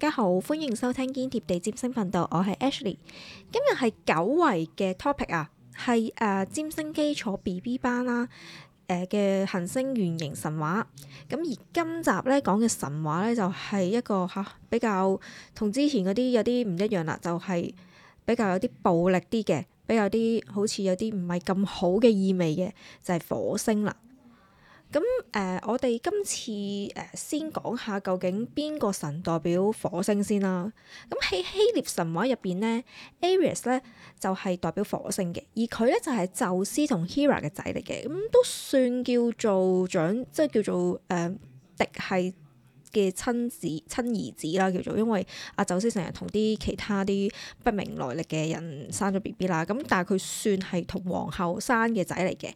大家好，歡迎收聽堅貼地占星頻道，我係 Ashley，今日係久違嘅 topic 啊，係誒、呃、占星基礎 B B 班啦、啊，誒、呃、嘅行星原形神話，咁而今集咧講嘅神話咧就係、是、一個吓、啊、比較同之前嗰啲有啲唔一樣啦，就係、是、比較有啲暴力啲嘅，比較啲好似有啲唔係咁好嘅意味嘅，就係、是、火星啦。咁誒、呃，我哋今次誒、呃、先講下究竟邊個神代表火星先啦。咁喺希臘神話入邊咧，Aries 咧就係、是、代表火星嘅，而佢咧就係、是、宙斯同 Hera 嘅仔嚟嘅，咁都算叫做長，即係叫做誒、呃、嫡系。嘅親子親兒子啦，叫做因為阿宙斯成日同啲其他啲不明來歷嘅人生咗 B B 啦，咁但係佢算係同皇后生嘅仔嚟嘅，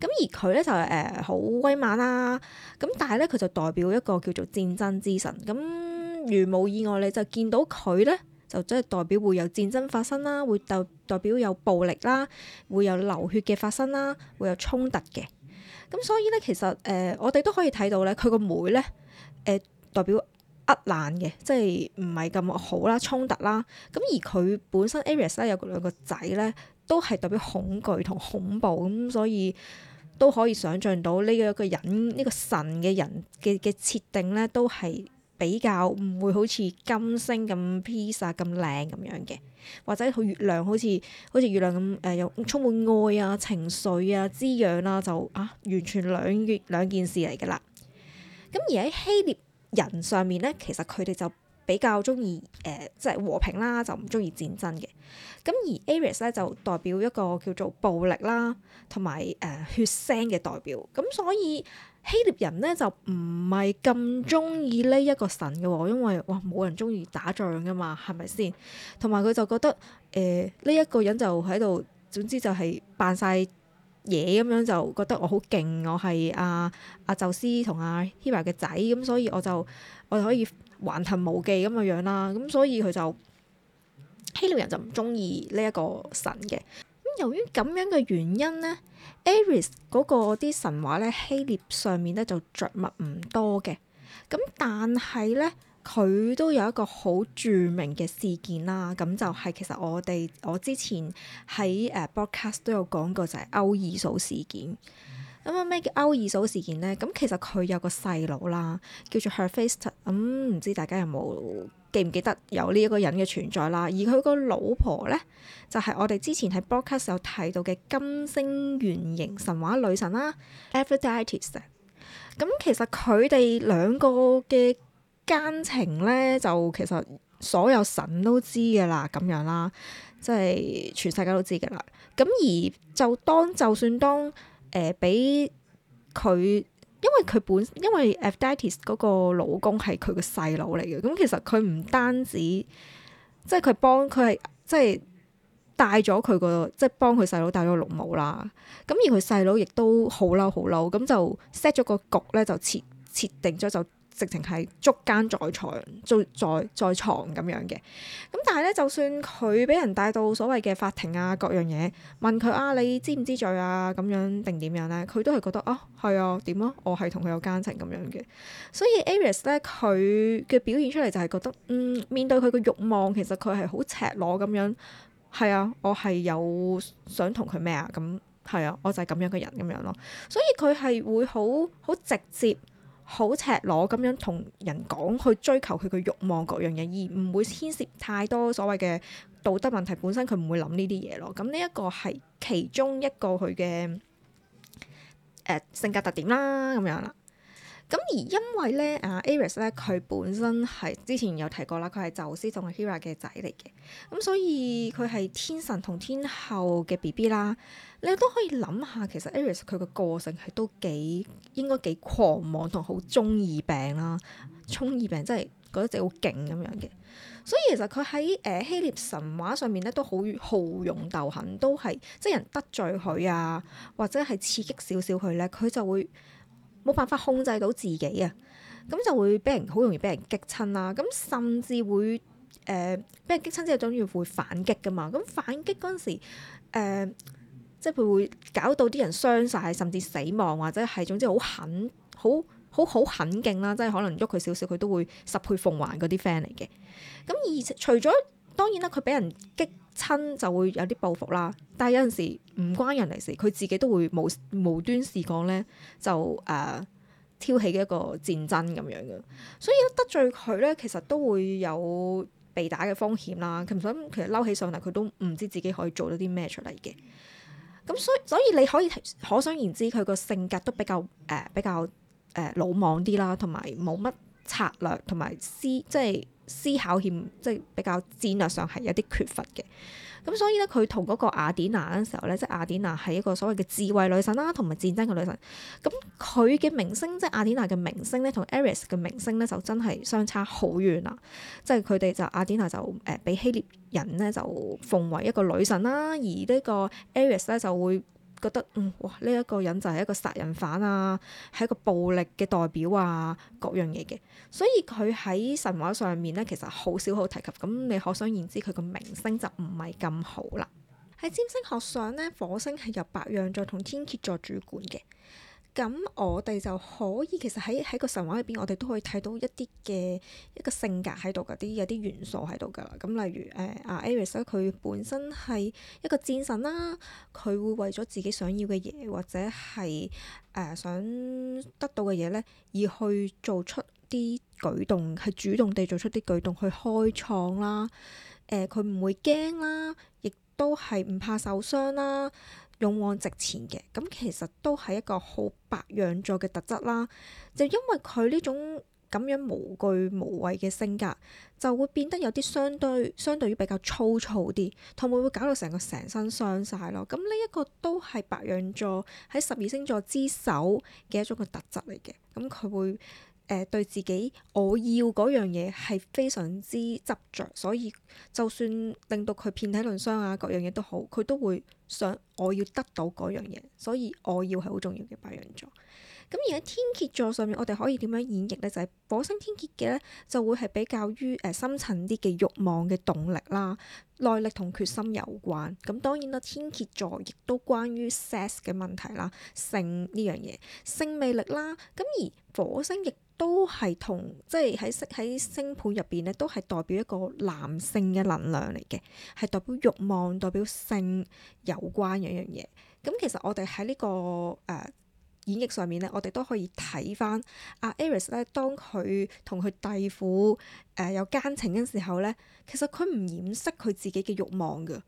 咁而佢咧就係誒好、呃、威猛啦，咁但係咧佢就代表一個叫做戰爭之神，咁如無意外你就見到佢咧，就即係代表會有戰爭發生啦，會代代表有暴力啦，會有流血嘅發生啦，會有衝突嘅，咁所以咧其實誒、呃、我哋都可以睇到咧，佢個妹咧誒。代表厄難嘅，即係唔係咁好啦，衝突啦。咁而佢本身 Ares 咧有兩個仔咧，都係代表恐懼同恐怖咁，所以都可以想象到呢一個人，呢、呢個神嘅人嘅嘅設定咧，都係比較唔會好似金星咁 peace 咁靚咁樣嘅，或者好似月亮好，好似好似月亮咁誒，又、呃、充滿愛啊情緒啊滋養啦、啊，就啊完全兩月兩件事嚟噶啦。咁而喺希臘人上面咧，其實佢哋就比較中意誒，即係和平啦，就唔中意戰爭嘅。咁而 Ares 咧就代表一個叫做暴力啦，同埋誒血腥嘅代表。咁所以希臘人咧就唔係咁中意呢一個神嘅，因為哇冇人中意打仗噶嘛，係咪先？同埋佢就覺得誒呢一個人就喺度，總之就係扮晒嘢咁樣就覺得我好勁，我係阿阿宙斯同阿、啊、Hera 嘅仔，咁所以我就我就可以橫行無忌咁嘅樣啦，咁所以佢就希臘人就唔中意呢一個神嘅。咁由於咁樣嘅原因呢，Ares 嗰個啲神話呢，希臘上面呢就着墨唔多嘅，咁但係呢。佢都有一個好著名嘅事件啦。咁就係其實我哋我之前喺誒 broadcast 都有講過，就係勾二嫂事件。咁咩叫勾二嫂事件呢？咁其實佢有個細佬啦，叫做 Hephaestus 咁、嗯、唔知大家有冇記唔記得有呢一個人嘅存在啦？而佢個老婆呢，就係、是、我哋之前喺 broadcast 有提到嘅金星原形神話女神啦，Aphrodites。咁其實佢哋兩個嘅。奸情咧就其實所有神都知噶啦，咁樣啦，即係全世界都知噶啦。咁而就當就算當誒，俾、呃、佢因為佢本因為 Hephaestus 嗰個老公係佢個細佬嚟嘅，咁其實佢唔單止即係佢幫佢係即係帶咗佢個即係幫佢細佬帶咗個綠帽啦。咁而佢細佬亦都好嬲好嬲，咁就 set 咗個局咧，就設設定咗就。直情係捉奸在床，在在在床咁樣嘅，咁但係咧，就算佢俾人帶到所謂嘅法庭啊，各樣嘢問佢啊，你知唔知罪啊？咁樣定點樣咧？佢都係覺得、哦、啊，係啊，點啊？我係同佢有奸情咁樣嘅，所以 Aries 咧，佢嘅表現出嚟就係覺得，嗯，面對佢嘅慾望，其實佢係好赤裸咁樣，係啊，我係有想同佢咩啊？咁係啊，我就係咁樣嘅人咁樣咯，所以佢係會好好直接。好赤裸咁樣同人講，去追求佢嘅慾望各樣嘢，而唔會牽涉太多所謂嘅道德問題。本身佢唔會諗呢啲嘢咯。咁呢一個係其中一個佢嘅誒性格特點啦，咁樣啦。咁而因為咧，阿 Ares 咧，佢本身係之前有提過啦，佢係宙斯同埋 Hera 嘅仔嚟嘅，咁、嗯、所以佢係天神同天后嘅 BB 啦。你都可以諗下，其實 Ares 佢個個性係都幾應該幾狂妄同好中二病啦，中二病真係覺得自己好勁咁樣嘅。所以其實佢喺誒希臘神話上面咧，都好好勇鬥狠，都係即係人得罪佢啊，或者係刺激少少佢咧，佢就會，冇辦法控制到自己啊，咁就會俾人好容易俾人激親啦，咁甚至會誒俾、呃、人激親之後，總之會反擊噶嘛，咁反擊嗰陣時誒、呃，即係佢會搞到啲人傷晒，甚至死亡或者係總之好狠，好好好狠勁啦，即係可能喐佢少少，佢都會十倍奉還嗰啲 fan 嚟嘅。咁而除咗當然啦，佢俾人激。親就會有啲報復啦，但係有陣時唔關人哋事，佢自己都會無無端事講咧，就誒、呃、挑起一個戰爭咁樣嘅，所以得罪佢咧，其實都會有被打嘅風險啦。佢其實嬲起上嚟，佢都唔知自己可以做到啲咩出嚟嘅。咁所以所以你可以睇，可想而知，佢個性格都比較誒、呃、比較誒、呃、魯莽啲啦，同埋冇乜。策略同埋思即係思考欠，即係比較戰略上係有啲缺乏嘅。咁所以咧，佢同嗰個雅典娜嗰陣時候咧，即係雅典娜係一個所謂嘅智慧女神啦，同埋戰爭嘅女神。咁佢嘅名聲即係雅典娜嘅名聲咧，同 Ares 嘅名聲咧，就真係相差好遠啦。即係佢哋就雅典娜就誒俾、呃、希臘人咧就奉為一個女神啦，而個 a 呢個 Ares 咧就會。覺得嗯哇，呢一個人就係一個殺人犯啊，係一個暴力嘅代表啊，各樣嘢嘅，所以佢喺神話上面咧，其實好少好提及。咁你可想而知佢個名聲就唔係咁好啦。喺占星學上咧，火星係由白羊座同天蠍座主管嘅。咁我哋就可以其實喺喺個神話裏邊，我哋都可以睇到一啲嘅一個性格喺度㗎，啲有啲元素喺度㗎啦。咁例如誒阿、呃、Ares 佢本身係一個戰神啦，佢會為咗自己想要嘅嘢或者係誒、呃、想得到嘅嘢呢，而去做出啲舉動，係主動地做出啲舉動去開創啦。誒、呃，佢唔會驚啦，亦都係唔怕受傷啦。勇往直前嘅，咁其實都係一個好白羊座嘅特質啦。就因為佢呢種咁樣無懼無畏嘅性格，就會變得有啲相對相對於比較粗糙啲，同埋會搞到成個成身傷晒咯。咁呢一個都係白羊座喺十二星座之首嘅一種嘅特質嚟嘅。咁佢會。誒、呃、對自己我要嗰樣嘢係非常之執着，所以就算令到佢遍體鱗傷啊，各樣嘢都好，佢都會想我要得到嗰樣嘢，所以我要係好重要嘅白羊座。咁而喺天蠍座上面，我哋可以點樣演繹呢？就係、是、火星天蠍嘅呢，就會係比較於深層啲嘅慾望嘅動力啦、耐力同決心有關。咁當然啦，天蠍座亦都關於 sex 嘅問題啦，性呢樣嘢、性魅力啦。咁而火星亦～都係同即係喺星喺星盤入邊咧，都係代表一個男性嘅能量嚟嘅，係代表欲望、代表性有關嘅一樣嘢。咁其實我哋喺呢個誒、呃、演繹上面咧，我哋都可以睇翻阿 Ares 咧，當佢同佢弟婦誒、呃、有奸情嗰陣時候咧，其實佢唔掩飾佢自己嘅欲望㗎。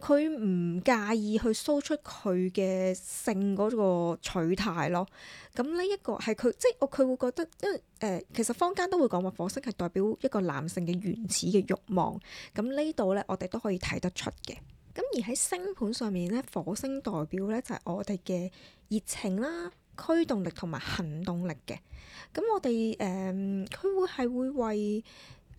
佢唔介意去 show 出佢嘅性嗰個取態咯，咁呢一個係佢即係我佢會覺得，因為誒、呃、其實坊間都會講話火星係代表一個男性嘅原始嘅欲望，咁呢度呢，我哋都可以睇得出嘅。咁、嗯、而喺星盤上面呢，火星代表呢就係我哋嘅熱情啦、驅動力同埋行動力嘅。咁、嗯、我哋誒佢會係會為。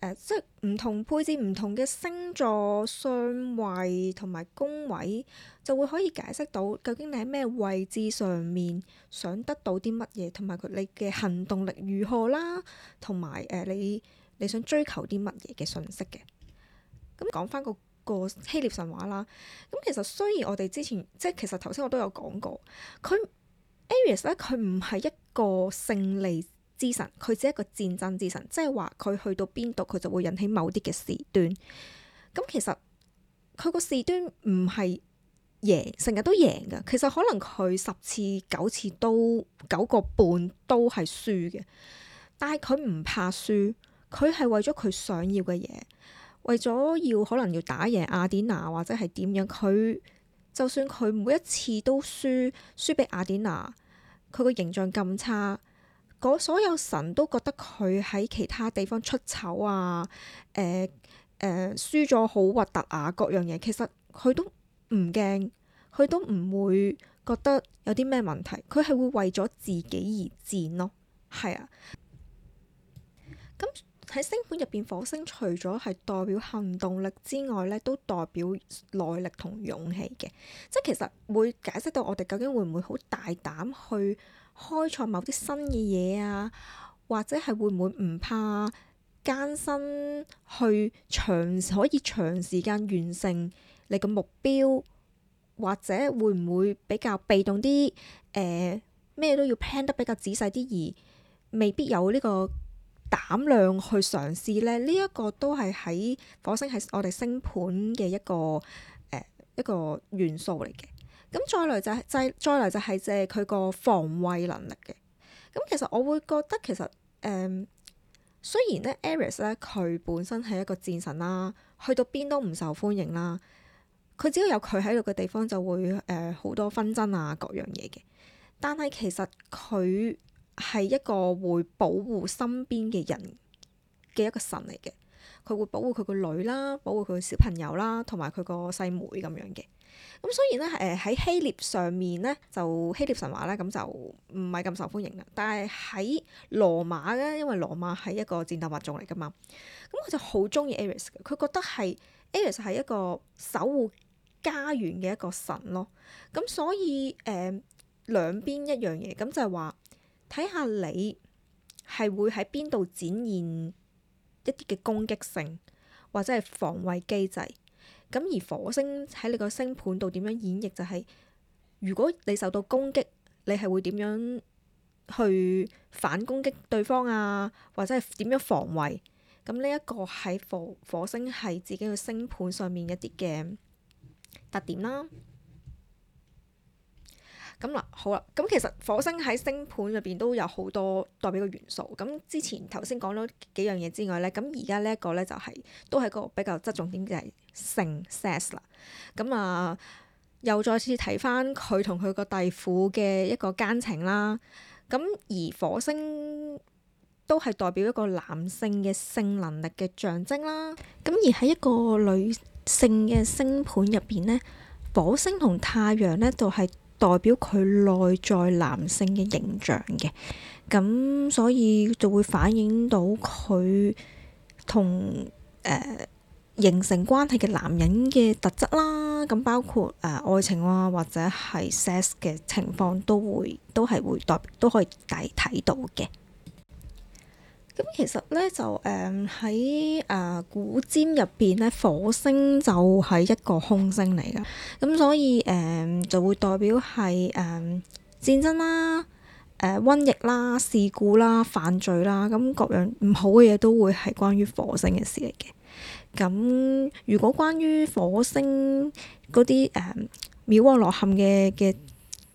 誒、呃，即係唔同配置、唔同嘅星座相位同埋宮位，就會可以解釋到究竟你喺咩位置上面想得到啲乜嘢，同埋佢你嘅行動力如何啦，同埋誒你你想追求啲乜嘢嘅信息嘅。咁講翻個、個個希臘神話啦，咁其實雖然我哋之前即係其實頭先我都有講過，佢 Aries 咧佢唔係一個勝利之神，佢只係一個戰爭之神，即係話佢去到邊度佢就會引起某啲嘅事端。咁其實佢個事端唔係贏，成日都贏嘅。其實可能佢十次九次都九個半都係輸嘅。但係佢唔怕輸，佢係為咗佢想要嘅嘢，為咗要可能要打贏阿典娜或者係點樣。佢就算佢每一次都輸，輸俾阿典娜，佢個形象咁差。所有神都覺得佢喺其他地方出醜啊！誒、呃、誒、呃，輸咗好核突啊！各樣嘢其實佢都唔驚，佢都唔會覺得有啲咩問題。佢係會為咗自己而戰咯，係啊！咁喺星盤入邊，火星除咗係代表行動力之外咧，都代表耐力同勇氣嘅。即係其實會解釋到我哋究竟會唔會好大膽去開創某啲新嘅嘢啊，或者係會唔會唔怕艱辛去長可以長時間完成你個目標，或者會唔會比較被動啲？誒、呃、咩都要 plan 得比較仔細啲，而未必有呢個膽量去嘗試呢。呢、這個、一個都係喺火星係我哋星盤嘅一個誒一個元素嚟嘅。咁再嚟就係再嚟就係借佢個防衛能力嘅。咁其實我會覺得其實誒、嗯，雖然咧 Ares 咧佢本身係一個戰神啦，去到邊都唔受歡迎啦。佢只要有佢喺度嘅地方就會誒好、呃、多紛爭啊，各樣嘢嘅。但係其實佢係一個會保護身邊嘅人嘅一個神嚟嘅。佢會保護佢個女啦，保護佢小朋友啦，同埋佢個細妹咁樣嘅。咁所以咧，誒喺希臘上面咧，就希臘神話咧，咁就唔係咁受歡迎啦。但係喺羅馬咧，因為羅馬係一個戰鬥物種嚟噶嘛，咁佢就好中意 Ares 嘅，佢覺得係 Ares 係一個守護家園嘅一個神咯。咁所以誒、呃，兩邊一樣嘢，咁就係話睇下你係會喺邊度展現一啲嘅攻擊性或者係防衛機制。咁而火星喺你個星盤度點樣演繹，就係如果你受到攻擊，你係會點樣去反攻擊對方啊，或者係點樣防衞。咁呢一個喺火火星係自己嘅星盤上面一啲嘅特點啦。咁嗱，好啦，咁其實火星喺星盤入邊都有好多代表嘅元素。咁之前頭先講咗幾樣嘢之外咧，咁而家呢一個咧就係都係個比較側重點就係性 sex 啦。咁啊，又再次提翻佢同佢個弟婦嘅一個奸情啦。咁而火星都係代表一個男性嘅性能力嘅象徵啦。咁而喺一個女性嘅星盤入邊咧，火星同太陽咧就係代表佢內在男性嘅形象嘅，咁所以就會反映到佢同誒形成關係嘅男人嘅特質啦，咁包括誒、呃、愛情啊，或者係 sex 嘅情況都會都係會代都可以睇睇到嘅。咁、嗯、其實咧就誒喺誒古占入邊咧，火星就係一個凶星嚟嘅，咁、嗯、所以誒、嗯、就會代表係誒、嗯、戰爭啦、誒、呃、瘟疫啦、事故啦、犯罪啦，咁各樣唔好嘅嘢都會係關於火星嘅事嚟嘅。咁、嗯、如果關於火星嗰啲誒廟旺落陷嘅嘅，嗯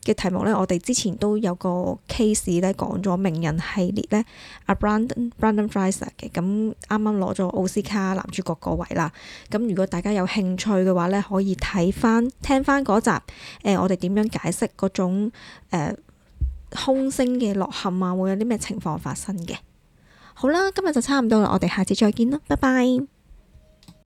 嘅題目呢，我哋之前都有個 case 呢，講咗名人系列呢，阿 Brandon Brandon Fraser 嘅。咁啱啱攞咗奧斯卡男主角個位啦。咁如果大家有興趣嘅話呢，可以睇翻聽翻嗰集、呃、我哋點樣解釋嗰種、呃、空聲嘅落陷啊，會有啲咩情況發生嘅。好啦，今日就差唔多啦，我哋下次再見啦，拜拜。